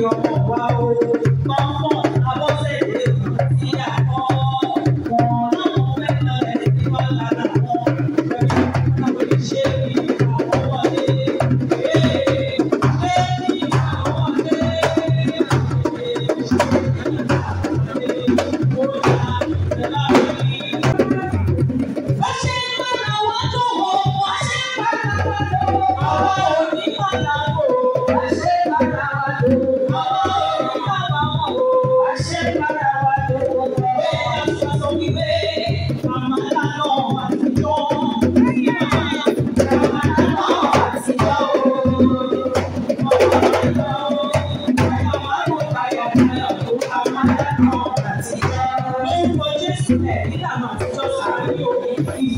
Thank you. àmà tó sáré òun yìí.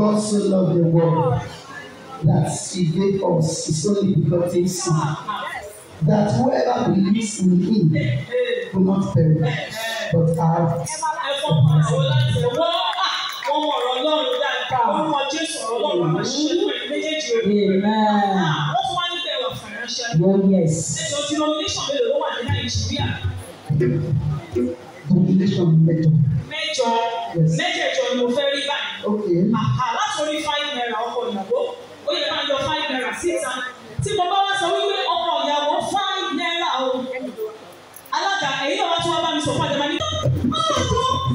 God so loved the world that he gave us his only begotten Son, that whoever believes in him will not perish, but have life. Amen. Amen. yes. Domination method. Mẹ́jọ mẹ́jẹ̀jọ ni mo fẹ́ rí báyìí. Okay. Aha.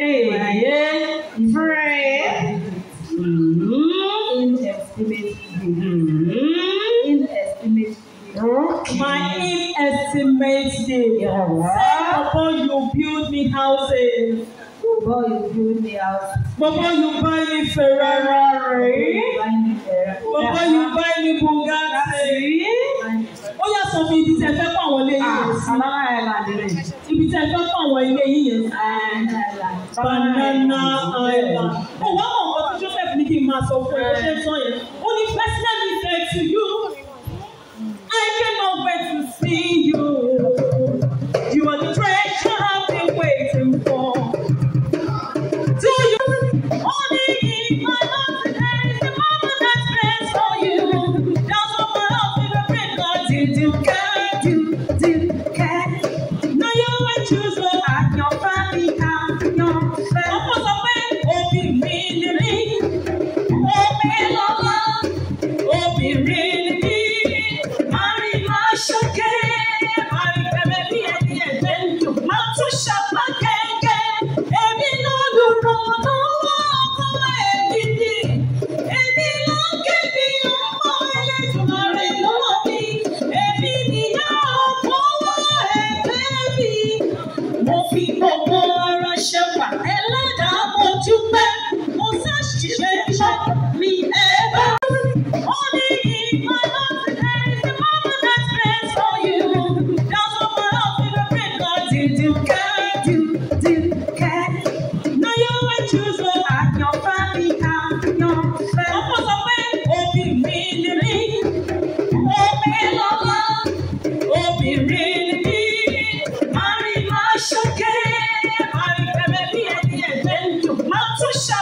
Amen. Hmm. Pray. Inestimate. Hmm. Inestimate. My inestimate day. Say, before you build me houses. Before you build me houses. Before you buy me Ferrari. Before you buy me Bugatti. Ó yà sọ fún ibi tí ẹ fẹ́ pọ̀ wọlé yìí. sọ yẹn ó ní personal people puxa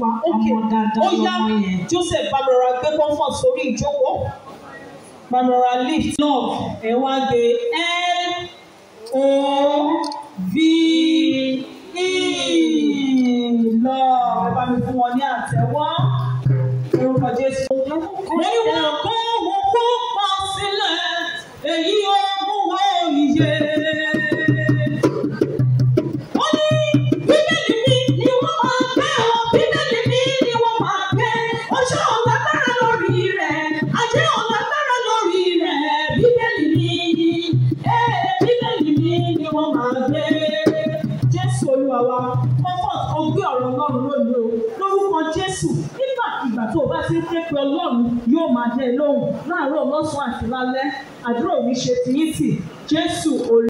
wá ọmọ dáadáa lọ́wọ́ yẹn. ó yá Joseph bàbára gbé comfort sórí ìjókòó bàbára lift love ẹ̀ wá gbé l o v e love ẹ bá mi fún wọn ní àtẹ́wọ́ orúkọ Jésù. wípé pé ọlọ́run yóò máa dé lóhùn láàárọ̀ lọ́sàn-án àti lálẹ́ àdúrà òní ṣe tìyín tì Jésù olú.